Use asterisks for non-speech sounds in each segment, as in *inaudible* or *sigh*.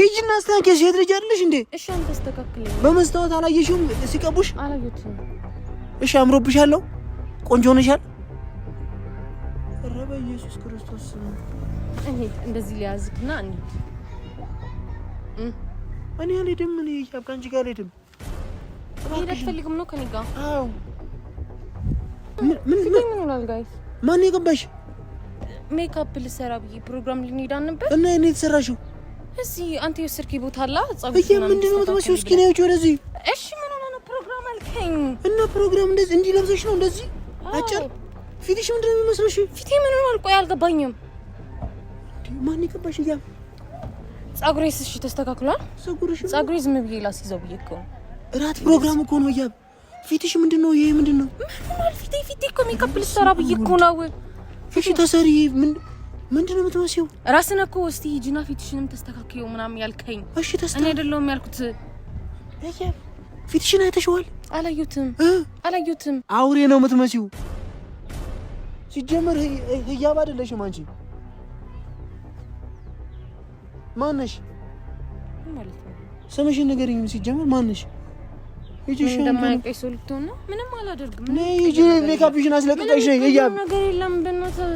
ሂጂና አስተካክል። ሴት ልጅ አይደለሽ እንዴ? እሺ፣ አንተ አስተካክል። በመስታወት አላየሽውም ሲቀቡሽ? አላየሁትም። እሺ፣ አምሮብሻል፣ ቆንጆ ሆነሻል። ኧረ በኢየሱስ ክርስቶስ እንዴት እንደዚህ ሊያዝክና እንዴት እኔ አልሄድም። እኔ ከአንቺ ጋር አልሄድም። መሄድ አትፈልግም ነው ከእኔ ጋር? አዎ። ምን ምን ሆናል? ጋይስ ማን የቀባሽ? ሜካፕ ልሰራ ብዬ ፕሮግራም ልንሄድ አልነበር እና እኔ የተሰራሽው እዚህ አንተ የወሰድክ ቦታ አላ ጻብሽ ነው ምንድን ነው ተወሽ? እስኪ ነው ወደዚህ። እሺ ምን ሆነ ነው ፕሮግራም አልከኝ እና ፕሮግራም እንደዚህ እንዲህ ለብሰሽ ነው እንደዚህ አጭር ፊትሽ ምንድን ነው የሚመስለሽ? ፊቴ ምን ሆነ አልቆይ አልገባኝም። ማን ይቀባሽ? ያ ጸጉሬስ? እሺ ተስተካክሏል ጸጉርሽ? ጸጉሬ ዝም ብዬ ላስይዘው ብዬሽ እኮ እራት ፕሮግራም እኮ ነው። ያ ፊትሽ ምንድን ነው? ይሄ ምንድን ነው? ምን ሆነ? ፊቴ ፊቴ እኮ ሜካፕ ልሰራ ብዬሽ እኮ ነው። እሺ ተሰሪ ምን ምንድን ነው የምትመስይው? ራስን እኮ እስቲ ሂጂና ፊትሽንም ተስተካክዩ ምናምን ያልከኝ። እሺ ተስተካክዩ። እኔ አይደለሁም ያልኩት። ፊትሽን አይተሽዋል? አላዩትም፣ አላዩትም። አውሬ ነው የምትመስይው። ሲጀመር ህያብ አይደለሽም አንቺ። ማነሽ? ስምሽን ንገሪኝ። ሲጀመር ማነሽ? እንደማያውቀኝ ሰው ልትሆን ነው። ምንም አላደርግም። ሂጂ ሜካፕሽን አስለቅቀሽ። ህያብ ነገር የለም በእናትህ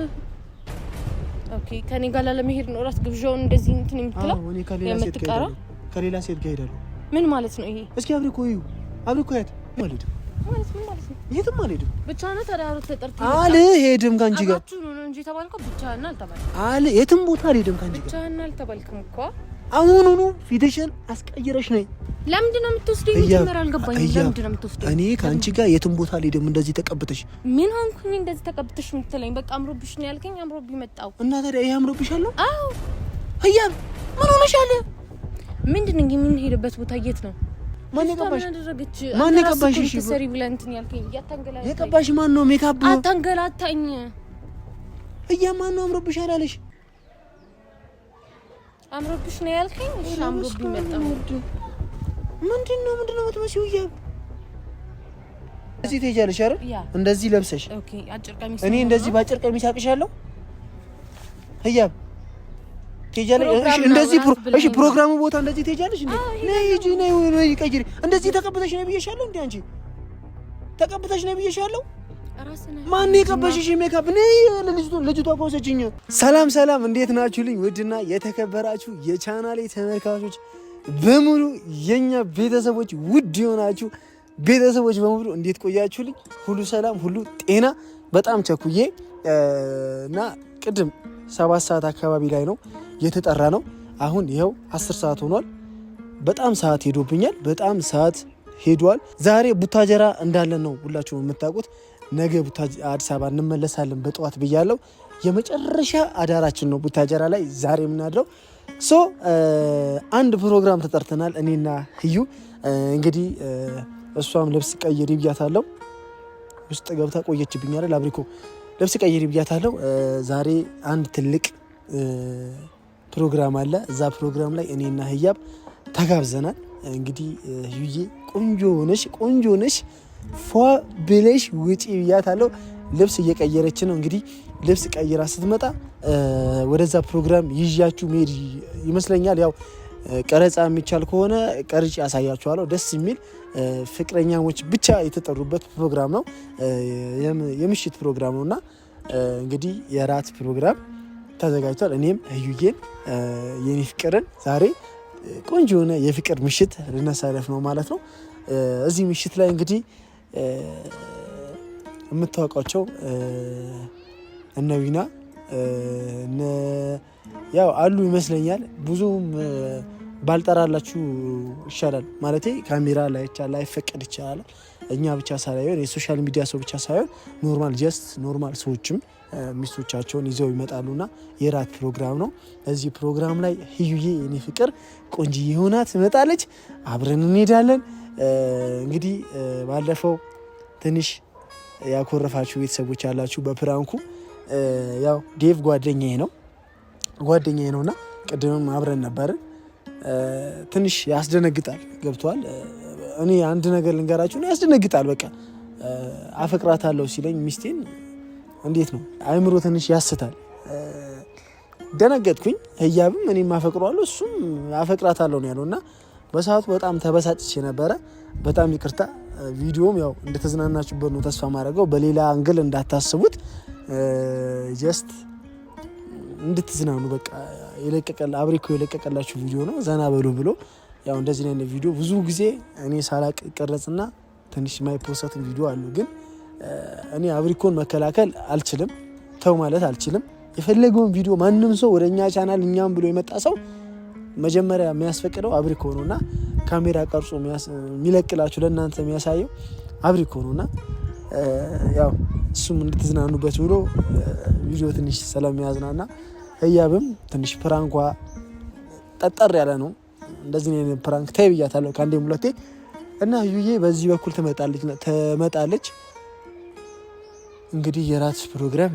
ኦኬ ከኔ ጋር ለመሄድ ነው ራስ ግብዣውን እንደዚህ እንትን የምትለው እኔ ከሌላ ሴት ጋር ሄዳለሁ ከሌላ ሴት ጋር ሄዳለሁ ምን ማለት ነው ይሄ? እስኪ አብሬ እኮ እዩ አብሬ እኮ ያት ማለት ማለት ምን ማለት ነው? የትም አልሄድም ብቻ ነው ተዳሩ ተጠርቶ አልሄድም ከአንቺ ጋር አባቹ ነው እንጂ የተባልከው ብቻህን አልተባልክም። አልሄድም የትም ቦታ አልሄድም ከአንቺ ጋር ብቻህን አልተባልክም እኮ አሁኑኑ ፊትሽን አስቀይረሽ ነይ። ለምንድን ነው የምትወስደው? መጀመሪያ አልገባኝም። ለምንድን ነው የምትወስደው? እኔ ከአንቺ ጋር የትም ቦታ አልሄድም። እንደዚህ ተቀብተሽ ምን ሆንኩኝ? እንደዚህ ተቀብተሽ የምትለኝ በቃ አምሮብሽ ነው ያልከኝ። አምሮብኝ መጣሁ እና ታዲያ ይሄ አምሮብሽ አለው። አዎ ህያብ ምን ሆነሻል? ምንድን ነው የምንሄድበት ቦታ የት ነው? ማን የቀባሽ? ማን የቀባሽ? እሺ ሰሪ ብለህ እንትን ያልከኝ የቀባሽ ማን ነው? ሜካፕ አታንገላታኝ። እያ ማን ነው አምሮብሽ አለሽ? አምሮብሽ ነው ያልከኝ? እሺ አምሮብኝ መጣ። ምንድን ነው ምንድን ነው የምትመስይው? እያ እዚህ ትሄጃለሽ አይደል? እንደዚህ ለብሰሽ እኔ እንደዚህ በአጭር ቀሚስ አቅሻለሁ። ህያብ ትሄጃለሽ። እሺ እንደዚህ እሺ፣ ፕሮግራሙ ቦታ እንደዚህ ትሄጃለሽ እንዴ? ነይ ሂጂ፣ ነይ ነይ፣ ቀይሪ። እንደዚህ ተቀብተሽ ነው ብዬሻለሁ እንዴ? አንቺ ተቀብተሽ ነው ብዬሻለሁ። ማን የቀበሽሽ ሜካፕ? እኔ ልጅቷ ከወሰችኝ። ሰላም ሰላም፣ እንዴት ናችሁልኝ? ውድና የተከበራችሁ የቻናሌ ተመልካቾች በሙሉ የኛ ቤተሰቦች፣ ውድ የሆናችሁ ቤተሰቦች በሙሉ እንዴት ቆያችሁልኝ? ሁሉ ሰላም፣ ሁሉ ጤና። በጣም ቸኩዬ እና ቅድም ሰባት ሰዓት አካባቢ ላይ ነው የተጠራ ነው። አሁን ይኸው አስር ሰዓት ሆኗል። በጣም ሰዓት ሄዶብኛል። በጣም ሰዓት ሄዷል። ዛሬ ቡታጀራ እንዳለን ነው ሁላችሁም የምታውቁት ነገ አዲስ አበባ እንመለሳለን በጠዋት ብያለው። የመጨረሻ አዳራችን ነው ቡታጀራ ላይ ዛሬ የምናድረው። ሶ አንድ ፕሮግራም ተጠርተናል። እኔና ህዩ እንግዲህ እሷም ልብስ ቀይሪ ብያታለሁ። ውስጥ ገብታ ቆየችብኝ አይደል አብሪኮ ልብስ ቀይሪ ብያታለሁ። ዛሬ አንድ ትልቅ ፕሮግራም አለ። እዛ ፕሮግራም ላይ እኔና ህያብ ተጋብዘናል። እንግዲህ ህዩዬ ቆንጆ ነሽ፣ ቆንጆ ነሽ ፏ ብለሽ ውጪ ብያታለሁ። ልብስ እየቀየረች ነው እንግዲህ ልብስ ቀይራ ስትመጣ ወደዛ ፕሮግራም ይዣችሁ መሄድ ይመስለኛል። ያው ቀረጻ የሚቻል ከሆነ ቀርጭ ያሳያችኋለሁ። ደስ የሚል ፍቅረኛሞች ብቻ የተጠሩበት ፕሮግራም ነው፣ የምሽት ፕሮግራም ነው እና እንግዲህ የራት ፕሮግራም ተዘጋጅቷል። እኔም እዩጌን የኔ ፍቅርን ዛሬ ቆንጆ የሆነ የፍቅር ምሽት ልናሳለፍ ነው ማለት ነው። እዚህ ምሽት ላይ እንግዲህ የምታውቋቸው እነ ያው አሉ ይመስለኛል። ብዙም ባልጠራላችሁ ይሻላል። ማለቴ ካሜራ ላይ ላይፈቀድ ይቻላል። እኛ ብቻ ሳይሆን የሶሻል ሚዲያ ሰው ብቻ ሳይሆን ኖርማል ጀስት ኖርማል ሰዎችም ሚስቶቻቸውን ይዘው ይመጣሉና የራት ፕሮግራም ነው። እዚህ ፕሮግራም ላይ ህዩዬ የኔ ፍቅር ቆንጅዬ ሆና ትመጣለች። አብረን እንሄዳለን። እንግዲህ ባለፈው ትንሽ ያኮረፋችሁ ቤተሰቦች ያላችሁ በፕራንኩ ያው ዴቭ ጓደኛዬ ነው ጓደኛዬ ነውና ቅድምም አብረን ነበርን። ትንሽ ያስደነግጣል፣ ገብቷል። እኔ አንድ ነገር ልንገራችሁ ነው ያስደነግጣል። በቃ አፈቅራታለሁ ሲለኝ ሚስቴን እንዴት ነው አይምሮ ትንሽ ያስታል። ደነገጥኩኝ። ህያብም እኔም አፈቅረዋለሁ እሱም አፈቅራታለሁ ነው ያለው እና በሰዓቱ በጣም ተበሳጭቼ ነበረ። በጣም ይቅርታ። ቪዲዮም ያው እንደተዝናናችሁበት ነው ተስፋ ማድረገው። በሌላ አንግል እንዳታስቡት፣ ጀስት እንድትዝናኑ በቃ የለቀቀላ አብሬኮ የለቀቀላችሁ ቪዲዮ ነው። ዘና በሉ ብሎ ያው እንደዚህ አይነት ቪዲዮ ብዙ ጊዜ እኔ ሳላቅ ቀረጽና ትንሽ የማይፖሰትን ቪዲዮ አሉ። ግን እኔ አብሪኮን መከላከል አልችልም፣ ተው ማለት አልችልም። የፈለገውን ቪዲዮ ማንም ሰው ወደ እኛ ቻናል እኛም ብሎ የመጣ ሰው መጀመሪያ የሚያስፈቅደው አብሪኮ ነው እና ካሜራ ቀርጾ የሚለቅላችሁ ለእናንተ የሚያሳየው አብሪኮ ነው እና ያው እሱም እንድትዝናኑበት ብሎ ቪዲዮ ትንሽ ስለሚያዝናና ህያብም ትንሽ ፕራንኳ ጠጠር ያለ ነው። እንደዚህ ነው ፕራንክ ታይ ብያታለሁ ከአንዴም ሁለቴ እና ዩዬ በዚህ በኩል ትመጣለች። እንግዲህ የራት ፕሮግራም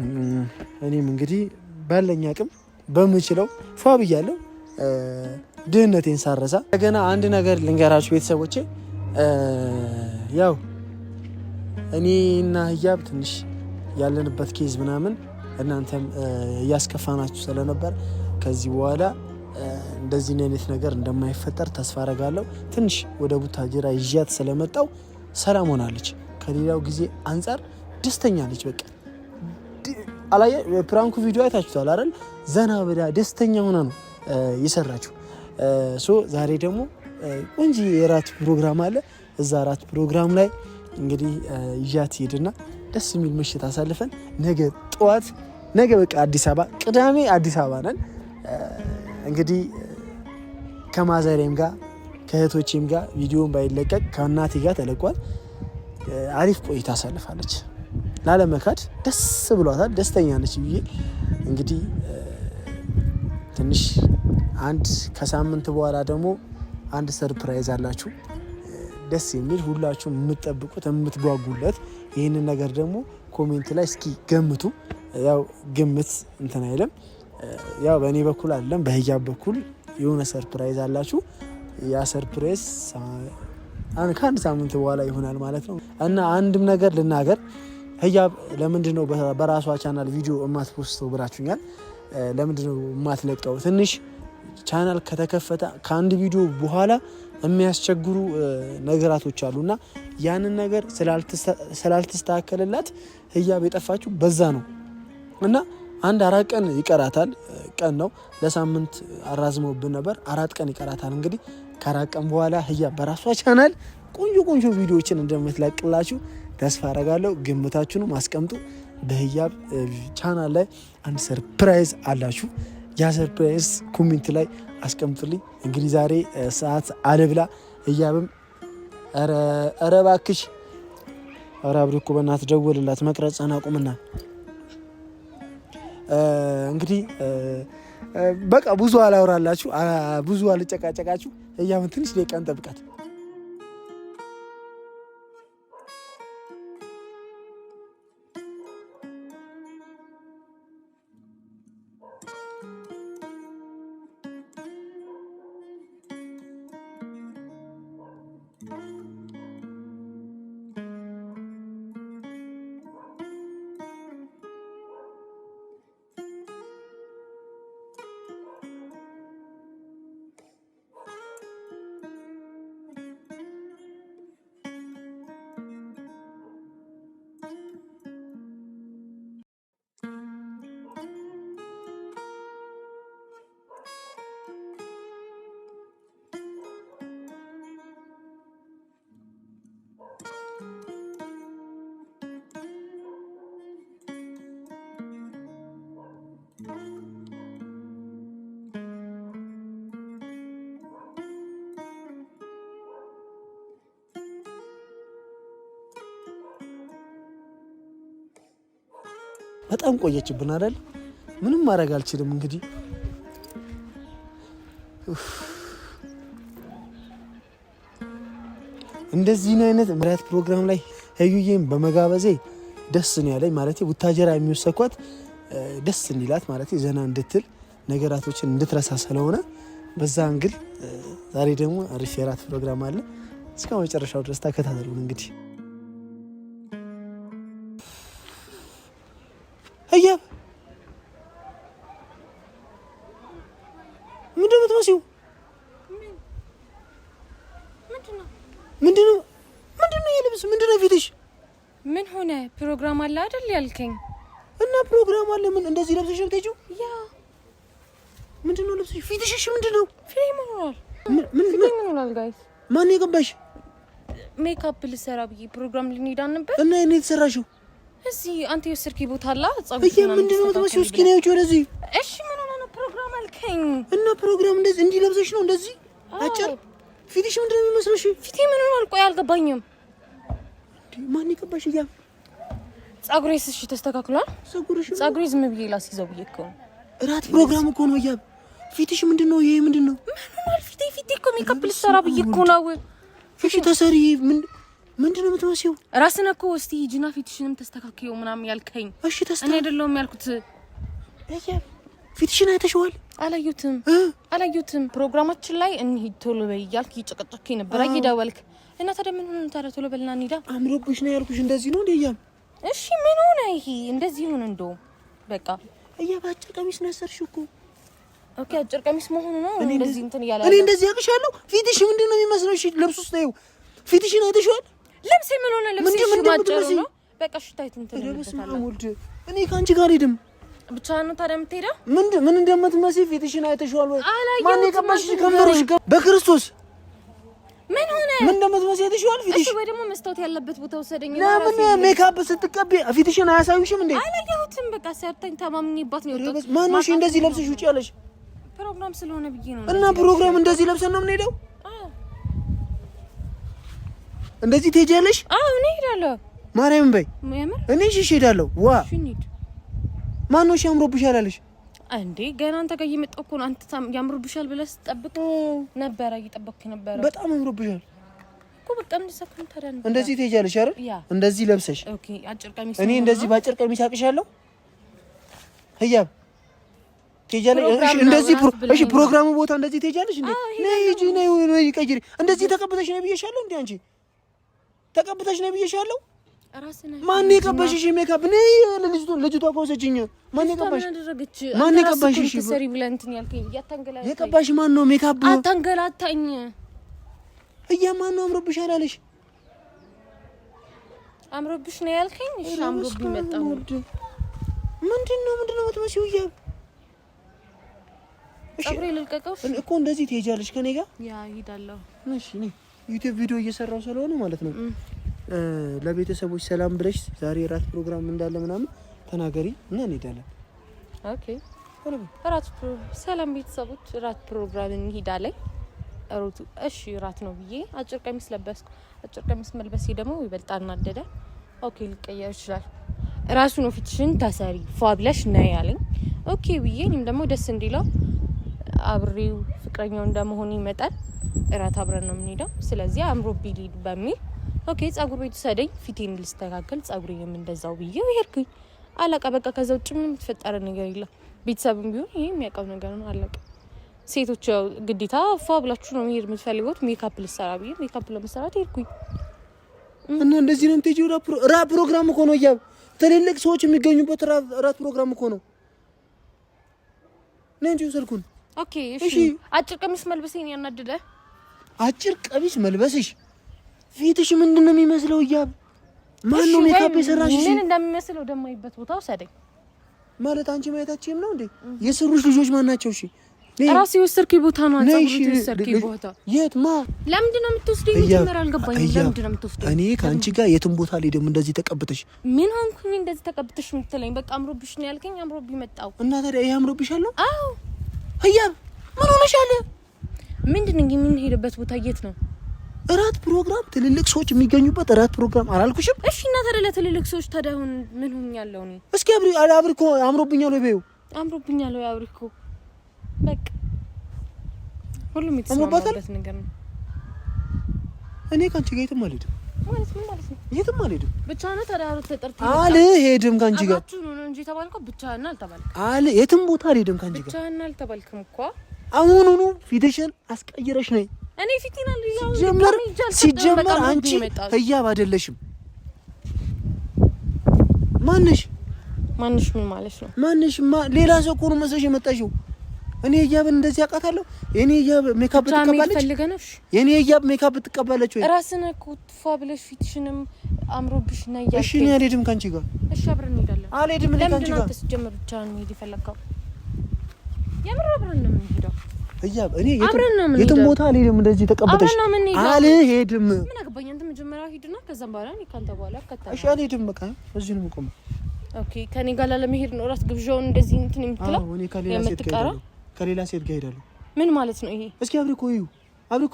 እኔም እንግዲህ ባለኝ አቅም በምችለው ፏ ብያለሁ። ድህነቴን ሳረሳ እንደገና አንድ ነገር ልንገራችሁ ቤተሰቦቼ። ያው እኔ እና ህያብ ትንሽ ያለንበት ኬዝ ምናምን እናንተም እያስከፋናችሁ ስለነበር ከዚህ በኋላ እንደዚህ አይነት ነገር እንደማይፈጠር ተስፋ አረጋለሁ። ትንሽ ወደ ቡታጅራ ይዣት ስለመጣው ሰላም ሆናለች። ከሌላው ጊዜ አንጻር ደስተኛ ነች። በቃ አላየ ፕራንኩ ቪዲዮ አይታችኋል አይደል? ዘና ብላ ደስተኛ ሆና ነው የሰራችው። ሶ ዛሬ ደግሞ ቆንጂ የራት ፕሮግራም አለ። እዛ ራት ፕሮግራም ላይ እንግዲህ ይዣት ሄድና ደስ የሚል ምሽት አሳልፈን ነገ ጠዋት ነገ በቃ አዲስ አበባ ቅዳሜ አዲስ አበባ ነን። እንግዲህ ከማዘሬም ጋር ከእህቶቼም ጋር ቪዲዮን ባይለቀቅ ከእናቴ ጋር ተለቋል። አሪፍ ቆይታ አሳልፋለች። ላለመካድ ደስ ብሏታል። ደስተኛ ነች ብዬ እንግዲህ ትንሽ አንድ ከሳምንት በኋላ ደግሞ አንድ ሰርፕራይዝ አላችሁ ደስ የሚል ሁላችሁም የምትጠብቁት የምትጓጉለት። ይህንን ነገር ደግሞ ኮሜንት ላይ እስኪ ገምቱ። ያው ግምት እንትን አይለም። ያው በእኔ በኩል አለም በህያብ በኩል የሆነ ሰርፕራይዝ አላችሁ። ያ ሰርፕራይዝ ከአንድ ሳምንት በኋላ ይሆናል ማለት ነው። እና አንድም ነገር ልናገር፣ ህያብ ለምንድን ነው በራሷ ቻናል ቪዲዮ እማትፖስተው ብላችሁኛል። ለምንድነው የማትለቀው? ትንሽ ቻናል ከተከፈተ ከአንድ ቪዲዮ በኋላ የሚያስቸግሩ ነገራቶች አሉ እና ያንን ነገር ስላልተስተካከለላት ህያብ የጠፋችው በዛ ነው እና አንድ አራት ቀን ይቀራታል። ቀን ነው ለሳምንት አራዝመውብን ነበር። አራት ቀን ይቀራታል። እንግዲህ ከአራት ቀን በኋላ ህያ በራሷ ቻናል ቆንጆ ቆንጆ ቪዲዮዎችን እንደምትለቅላችሁ ተስፋ አረጋለሁ። ግምታችሁንም አስቀምጡ። በህያብ ቻናል ላይ አንድ ሰርፕራይዝ አላችሁ። ያ ሰርፕራይዝ ኮሜንት ላይ አስቀምጡልኝ። እንግዲህ ዛሬ ሰዓት አለብላ ህያብም ኧረ እባክሽ ኧረ አብሪኮ በእናትህ ደውልላት መቅረጽህን አቁምና እንግዲህ በቃ ብዙ አላውራላችሁ፣ ብዙ አልጨቃጨቃችሁ። ህያብን ትንሽ ደቂቃ እንጠብቃት። በጣም ቆየችብን አይደል? ምንም ማድረግ አልችልም። እንግዲህ እንደዚህን አይነት ምራት ፕሮግራም ላይ ህዩዬን በመጋበዜ ደስ ነው ያለኝ። ማለት ቡታጀራ የሚወሰኳት ደስ እንዲላት ማለት ዘና እንድትል ነገራቶችን እንድትረሳ ስለሆነ በዛ እንግል ዛሬ ደግሞ ሪፌራት ፕሮግራም አለ። እስከ መጨረሻው ድረስ ተከታተሉን እንግዲህ አያ ምንድን ነው የምትመስይው? ምንድን ነው ምንድን ነው የልብስ ምንድን ነው ፊትሽ? ምን ሆነ? ፕሮግራም አለ አይደል ያልከኝ? እና ፕሮግራም አለ። ምን እንደዚህ ለብሰሽ ነው የምትሄጂው? ያ ምንድን ነው ልብስሽ? ፊትሽ ምንድን ነው ፊቴ ምን ሆኗል? ምን ምን ሆኗል? ጋይስ ማን የቀባሽ? ሜካፕ ልሰራ ብዬ ፕሮግራም ልንሄድ አልነበር እና የኔ የተሰራሽው እዚህ አንተ የወሰድክ ቦታ አላ ጸብይ ምንድን ነው ተወሲ ውስኪ ነው ወደዚህ። እሺ ምን ሆነ ነው ፕሮግራም አልከኝ እና ፕሮግራም እንደዚህ እንዲህ ለብሰሽ ነው እንደዚህ አጭር ፊትሽ ምንድን ነው የሚመስለሽ? ፊቴ ምን ሆነ አልቆ አልገባኝም። ማን ይቀባሽ? እያ ጸጉሬስ? እሺ ተስተካክሏል ጸጉሬሽ? ጸጉሬ ዝም ብዬ ላስይዘው ብዬ እኮ እራት ፕሮግራም እኮ ነው። እያ ፊትሽ ምንድን ነው? ይሄ ምንድን ነው? ምን ሆነ? ፊቴ ፊቴ እኮ ሜካፕ ልሰራ ብዬ እኮ ነው። እሺ ተሰሪ ምን ምንድን ነው የምትመስይው? ራስን እኮ እስቲ ሂጂና ፊትሽንም ተስተካክዪው ምናምን ያልከኝ። እሺ እኔ አይደለሁም ያልኩት። ፊትሽን አይተሽዋል? አላዩትም አላዩትም። ፕሮግራማችን ላይ እንሂድ ቶሎ በይ እያልክ እየጨቀጨከኝ ነበር። እየደወልክ እና ታዲያ ምን ሆነ ታዲያ? ቶሎ በልና እንሂዳ። አምሮብሽ ነው ያልኩሽ። እንደዚህ ነው እንደያም። እሺ ምን ሆነ ይሄ? እንደዚህ ሆነ። እንደውም በቃ እያ ባጭር ቀሚስ ነሰርሽ እኮ ኦኬ፣ አጭር ቀሚስ መሆኑ ነው። እንደዚህ እንትን እያለ እኔ እንደዚህ አቅሻለሁ። ፊትሽ ምንድን ነው የሚመስለው? እሺ ልብሱስ ነው ፊትሽን አይተሽዋል? ልብስ ምን ሆነ? ልብስ ሽማጨሩ ነው። በቃ ሽታይት እንትን እኔ ከአንቺ ጋር ሄድም ብቻ ነው። ታዲያ የምትሄደው ምን ምን እንደምትመስይ ፊትሽን አይተሽዋል ወይ? ማን የቀባሽ ከንፈሮሽ? በክርስቶስ ምን ሆነ? ምን እንደምትመስይ አይተሽዋል ፊትሽ። እሺ ወይ ደግሞ መስታወት ያለበት ቦታ ወሰደኝ። ለምን ሜካፕ ስትቀቢ ፊትሽን አያሳዩሽም እንዴ? አላየሁትም። በቃ ሰርተኝ ተማምኜባት ነው የወጣሁት። ማን እንደዚህ ለብሰሽ ውጪ ያለሽ? ፕሮግራም ስለሆነ ብዬ ነው። እና ፕሮግራም እንደዚህ ለብሰን ነው የምንሄደው እንደዚህ ትሄጃለሽ? አዎ እኔ እሄዳለሁ። ማርያም በይ እኔ እሺ እሄዳለሁ። ዋ ማን ነው አምሮብሻል አለሽ እንዴ? ገና አንተ ጋር እየመጣሁ እኮ ነው። አንተ ያምሮብሻል ብለህ ስጠብቅ ነበረ፣ እየጠበቅክ ነበረ። በጣም አምሮብሻል እኮ በቃ በጣም ደሳከም። ታዲያ እንደዚህ ትሄጃለሽ አይደል? እንደዚህ ለብሰሽ ኦኬ። አጭር ቀሚስ እኔ እንደዚህ ባጭር ቀሚስ አቅሻለሁ። ህያብ ትሄጃለሽ እንደዚህ። እሺ ፕሮግራሙ ቦታ እንደዚህ ትሄጃለሽ እንዴ? ነይ ነይ ነይ፣ ቀይሪ። እንደዚህ ተቀብተሽ ነው ብዬሻለሁ እንዴ አንቺ ተቀብተሽ ነው ብዬሻለሁ። ማን የቀባሽሽ ሜካፕ? ነይ ለልጅቱ ልጅቷ ከወሰችኝ። ማን የቀባሽ? ማን የቀባሽ? ሰሪ ብለንትን ያልከኝ የቀባሽ ማን ነው? ሜካፕ አታንገላታኝ። ማን ነው አምሮብሽ አላለሽ? አምሮብሽ ነው ያልከኝ። እሺ አምሮብ መጣሁ። ምንድን ነው ምንድን ነው የምትመስይው? እያብ እሺ፣ ልልቀቀው እኮ እንደዚህ ትሄጃለሽ ከኔ ጋር ያ ሂዳለሁ። እሺ ነይ ዩቲዩብ ቪዲዮ እየሰራው ስለሆነ ማለት ነው ለቤተሰቦች ሰላም ብለሽ ዛሬ የራት ፕሮግራም እንዳለ ምናምን ተናገሪ እና እንሄዳለን። ኦኬ ራት ሰላም ቤተሰቦች፣ ራት ፕሮግራም እንሄዳለን። ሩቱ እሺ ራት ነው ብዬ አጭር ቀሚስ ለበስኩ። አጭር ቀሚስ መልበሴ ደግሞ ይበልጣ አናደደ። ኦኬ ሊቀየር ይችላል። ራሱ ነው ፊትሽን ተሰሪ ፏ ብለሽ ና ያለኝ። ኦኬ ብዬ እኔም ደግሞ ደስ እንዲለው አብሬው ፍቅረኛው እንደመሆኑ ይመጣል እራት አብረን ነው የምንሄደው። ስለዚህ አምሮብኝ ልሂድ በሚል ኦኬ፣ ጸጉር ቤቱ ሰደኝ ፊቴን ልስተካከል ጸጉሬንም እንደዛው ብዬ ሄድኩኝ። አለቃ በቃ። ከዛ ውጭ ምን የተፈጠረ ነገር የለም። ቤተሰብም ቢሆን ይህ የሚያውቀው ነገር ነው። አለቃ ሴቶች ያው ግዴታ ፏ ብላችሁ ነው መሄድ የምትፈልጉት። ሜካፕ ልሰራ ብዬ ሜካፕ ለመሰራት ሄድኩኝ እና እንደዚህ ነው ምትጂ ራ ፕሮግራም እኮ ነው እያብ ትልልቅ ሰዎች የሚገኙበት ራት ፕሮግራም እኮ ነው። ነይ እንጂ ስልኩን። ኦኬ እሺ። አጭር ቀሚስ መልበሴን ያናድደ አጭር ቀሚስ መልበስሽ ፊትሽ ምንድን ነው የሚመስለው? እያብ ማን ነው ሜካፕ የሰራሽ? ምን እንደሚመስለው ደግሞ ይበት ቦታ ውሰደኝ ማለት አንቺ ማየታችሁም ነው እንዴ? የሰሩሽ ልጆች ማን ናቸው? እሺ ራስ የወሰድክ ቦታ ነው። ቦታ የት ማ ለምንድን ነው የምትወስደኝ? ጀመር አልገባኝም። ለምንድን ነው የምትወስደኝ? እኔ ከአንቺ ጋር የትም ቦታ ላይ ደግሞ እንደዚህ ተቀብተሽ ምን ሆንኩኝ? እንደዚህ ተቀብተሽ የምትለኝ በቃ አምሮብሽ ነው ያልከኝ። አምሮብኝ መጣሁ እና ታዲያ ይሄ አምሮብሽ አለው? አዎ ህያብ ምን ሆነሻል? ምንድን እንግዲህ የምንሄድበት ቦታ የት ነው? እራት ፕሮግራም፣ ትልልቅ ሰዎች የሚገኙበት እራት ፕሮግራም አላልኩሽም? እሺ። እና ታዲያ ለትልልቅ ሰዎች ታዲያ አሁን ምን ሆኛለሁ እኔ? እስኪ አብሪ አብሪ እኮ አምሮብኛል ወይ በይው፣ አምሮብኛል ወይ አብሪ እኮ በቃ ሁሉም የተስማማበት ነገር ነው። እኔ ከአንቺ ጋር የትም አልሄድም ማለት ምን ማለት ነው? የትም አልሄድም ብቻ ነው። ታዲያ አብሮ ተጠርተን አልሄድም ከአንቺ ጋር ብቻ ነው እንጂ የተባልከው ብቻህን አልተባልክም። አል የትም ቦታ አልሄድም ከአንቺ ጋር ብቻህን አልተባልክም እኮ አሁኑኑ ፊትሽን አስቀይረሽ ነይ። እኔ ፊቴን ሲጀመር ሲጀመር አንቺ ህያብ አይደለሽም። ማንሽ ማንሽ ምን ማለት ነው? ማንሽ ሌላ ሰው እኮ ነው መስለሽ የመጣሽው። እኔ ህያብን እንደዚህ አውቃታለሁ። የኔ ህያብ ሜካፕ ትቀባለች። የኔ ህያብ ሜካፕ ትቀባለች ወይ ራስን እኮ ትፋ ብለሽ ፊትሽንም አምሮብሽ ነያ። እሺ እኔ አልሄድም ከአንቺ ጋር። እሺ አብረን እንሄዳለን። አልሄድም እኔ ከአንቺ ጋር ብቻ ነው የምር አብረን ነው የምንሄደው። እኔ የትም ቦታ አልሄድም። አልሄድም። ምን አገባኝ ኦኬ ከኔ ጋር ላለመሄድ ነው እራት ግብዣውን እንደዚህ እንትን የምትለው የምትቀረው ከሌላ ሴት ጋር ሄዳለሁ። ምን ማለት ነው ይሄ? እስኪ አብሪ እኮ ይሁ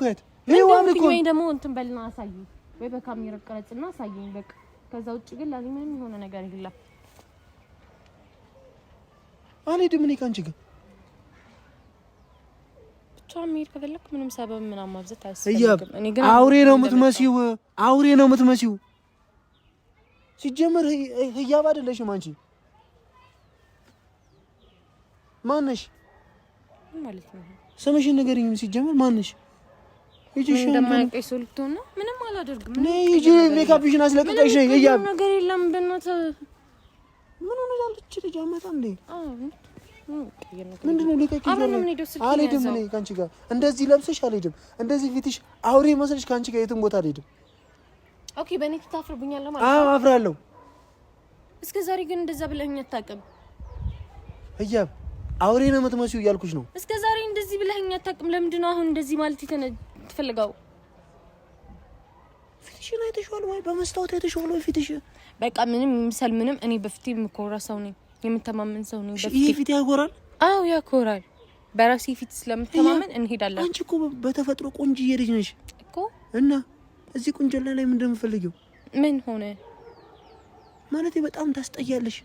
ያት ይሁ ወይ ደግሞ እንትን በልና አሳየኝ፣ ወይ በካሜራ ቀረጽና አሳየኝ። በቃ ከዛ ውጭ ግን ላኔ ምንም የሆነ ነገር የለም። አልሄድም እኔ ከአንቺ ጋር ብቻዋን መሄድ ከፈለክ ምንም ሰበብ ምናምን ማብዛት አያስፈልግም። እኔ ግን አውሬ ነው የምትመሲው፣ አውሬ ነው የምትመሲው። ሲጀምር ህያብ አይደለሽም አንቺ። ማነሽ ማለት ነው? ስምሽን ንገሪኝ። ሲጀምር ማነሽ? ሜካፕሽን አስለቅቀሽ ነይ። ህያብ ምን ሆነ? አንቺ ልጅ አመጣ እንዴ? ምንድን ነው ልቀቂኝ። አልሄድም እኔ ከአንቺ ጋር እንደዚህ ለብሰሽ አልሄድም። እንደዚህ ፊትሽ አውሬ መስለሽ ከአንቺ ጋር የትም ቦታ አልሄድም። ኦኬ፣ በእኔ ፊት ማለት ነው? አዎ አፍራለሁ። እስከ ዛሬ ግን እንደዛ ብለኸኝ አታውቅም። ህያብ አውሬ ነው የምትመስዩ እያልኩሽ ነው። እስከ ዛሬ እንደዚህ ብለኸኝ አታውቅም። ለምንድን ነው አሁን እንደዚህ ማለት ትፈልጋው? ፊትሽን አይተሽዋል ወይ? በመስታወት አይተሽዋል ወይ? ፊትሽ በቃ ምንም ይምሰል ምንም፣ እኔ በፊት የምኮራ ሰው ነኝ። የምተማመን ሰው ነው። ይህ ፊት ያኮራል። አዎ ያኮራል። በራሴ ፊት ስለምተማመን እንሄዳለን። አንቺ እኮ በተፈጥሮ ቆንጅዬ ልጅ ነሽ እኮ እና እዚህ ቁንጅና ላይ ምንድን የምፈልገው? ምን ሆነ ማለት በጣም ታስጠያለሽ።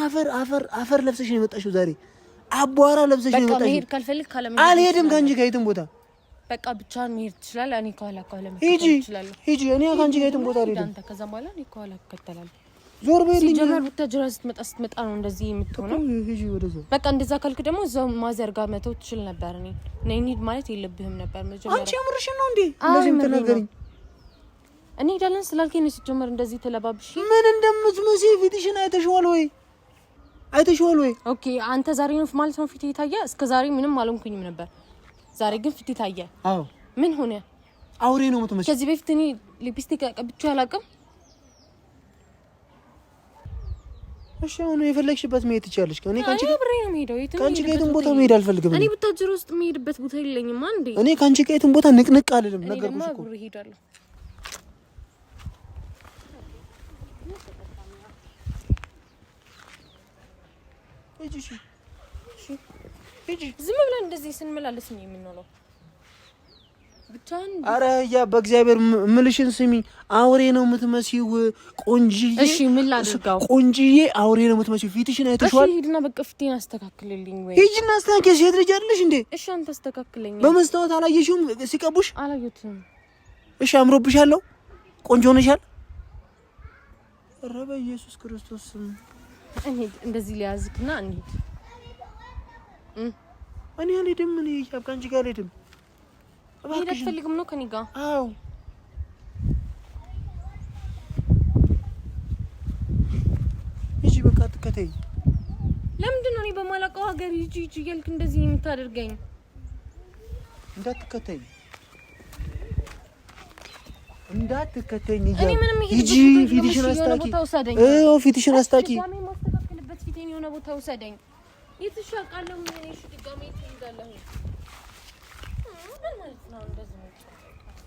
አፈር አፈር አፈር ለብሰሽ ነው የመጣሽው ዛሬ አቧራ ለብሰሽ ነው የመጣሽው። መሄድ ካልፈልግ ካለመሄድ አልሄድም ከአንቺ ጋር ቦታ በቃ ብቻህን መሄድ ትችላለህ። እኔ ከኋላ እኮ አለመሄድ ትችላለህ። ሂጂ ሂጂ። እኔ ከአንቺ ጋር የትም ቦታ አልሄድም። ከዛም በኋላ እኔ ከኋላ እከተላለሁ ዞር በይ። ሲጀመር ቡታጅራ ስትመጣ ስትመጣ ነው እንደዚህ የምትሆነው። በቃ እንደዛ ካልክ ደግሞ እዛው ማዘር ጋር መተው ትችል ነበር። እኔ ነይ እንሂድ ማለት የለብህም ነበር መጀመሪያ። አንቺ የምርሽን ነው እንዴ? እንደዚህ የምትነግሪኝ? እንሄዳለን ስላልከኝ ነው ሲጀመር እንደዚህ ተለባብሽ። ምን እንደምትመስዪ ፊትሽን አይተሽዋል ወይ? አይተሽዋል ወይ? ኦኬ አንተ ዛሬ ነው ማለት ነው ፊት የታየ። እስከ ዛሬ ምንም አልሆንኩኝም ነበር። ዛሬ ግን ፊት የታየ። አዎ ምን ሆነ? አውሬ ነው የምትመስዪው። ከዚህ በፊት እኔ ሊፕስቲክ ቀብቼ አላውቅም። እሺ አሁን የፈለግሽበት መሄድ ትችያለሽ። ከኔ ካንቺ ጋር ካንቺ ጋር የትም ቦታ መሄድ አልፈልግም። እኔ ቡታጅራ ውስጥ የምሄድበት ቦታ የለኝም። አንዴ እኔ ካንቺ ጋር የትም ቦታ ንቅንቅ አልልም። ነው እኮ እሄዳለሁ። ሂጂ፣ ዝም ብለን እንደዚህ ስንመላለስ ነው የምንውለው። አረ ያ በእግዚአብሔር ምልሽን ስሚ፣ አውሬ ነው የምትመሲው። ቆንጅዬ፣ እሺ፣ ምን ላድርጋው? ቆንጅዬ፣ አውሬ ነው የምትመሲው። ፊትሽን አይተሽዋል። ሂድና በቃ ፊቴን አስተካክልልኝ። ወይ ሂጂና አስተካክል። ሴት ልጅ አይደለሽ እንዴ? እሺ፣ አንተ አስተካክልኝ። በመስታወት አላየሽውም ሲቀቡሽ? አላየሁትም። እሺ፣ አምሮብሻል፣ ቆንጆ ሆነሻል። ኧረ በኢየሱስ ክርስቶስ ስም እንሂድ። እንደዚህ ሊያዝክና እንሂድ። እኔ አልሄድም፣ እኔ ከአንቺ ጋር አልሄድም መሄድ አትፈልግም ነው ከኔ ጋር? አዎ ሂጂ በቃ ትከተይኝ። ለምንድን ነው እኔ በማላውቀው ሀገር ሂጂ ሂጂ እያልክ እንደዚህ የምታደርገኝ? እንዳትከተይኝ እንዳትከተኝ ሂጂ፣ ፊትሽን አስታኪ፣ ፊትሽን አስታኪ። የማስተካከልበት ፊቴን የሆነ ቦታ ውሰደኝ። የት እሺ አውቃለሁ። ድጋሜ ትሄዳለህ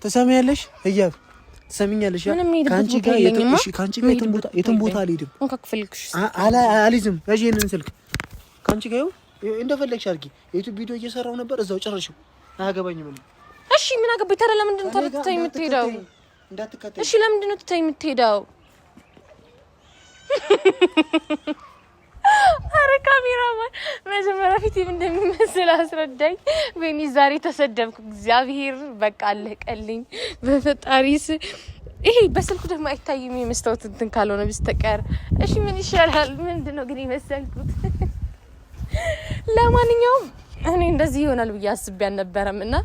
ትሰሚያለሽ ህያብ ትሰሚኛለሽ? ከአንቺ ጋር ጋር የትም ቦታ አልሄድም፣ አልይዝም። ያዥ ይሄንን ስልክ ከአንቺ ጋር እንደፈለግሽ አድርጊ። የዩቱብ ቪዲዮ እየሰራው ነበር እዛው ጨረሽው። አያገባኝም። እሺ ምን አገባኝ ታዲያ? ለምንድን ነው ትተኸኝ የምትሄደው? እሺ ለምንድን ነው ትተኸኝ የምትሄደው? *laughs* አረ ካሜራማን መጀመሪያ ፊት እንደሚመስል አስረዳኝ። ወይኔ ዛሬ ተሰደብኩ። እግዚአብሔር በቃ አለቀልኝ በፈጣሪስ። ይሄ በስልኩ ደግሞ አይታይም የመስታወት እንትን ካልሆነ በስተቀር። እሺ ምን ይሻላል? ምንድን ነው ግን የመሰልኩት? ለማንኛውም እኔ እንደዚህ ይሆናል ብዬ አስቤ አልነበረም እና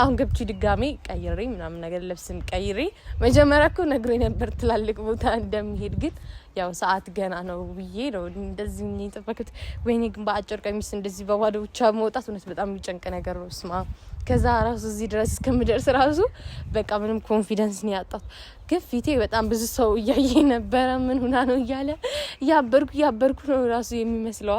አሁን ገብቼ ድጋሜ ቀይሬ ምናምን ነገር ልብስም ቀይሬ መጀመሪያ እኮ ነግሮ የነበር ትላልቅ ቦታ እንደሚሄድ ግን ያው ሰዓት ገና ነው ብዬ ነው እንደዚህ የጠበኩት። ወይኔ ግን በአጭር ቀሚስ እንደዚህ በባዶ ብቻ መውጣት እውነት በጣም የሚጨንቅ ነገር ነው። ስማ ከዛ ራሱ እዚህ ድረስ እስከምደርስ ራሱ በቃ ምንም ኮንፊደንስ ነው ያጣት። ግን ፊቴ በጣም ብዙ ሰው እያየ ነበረ ምን ሁና ነው እያለ እያበርኩ እያበርኩ ነው ራሱ የሚመስለዋ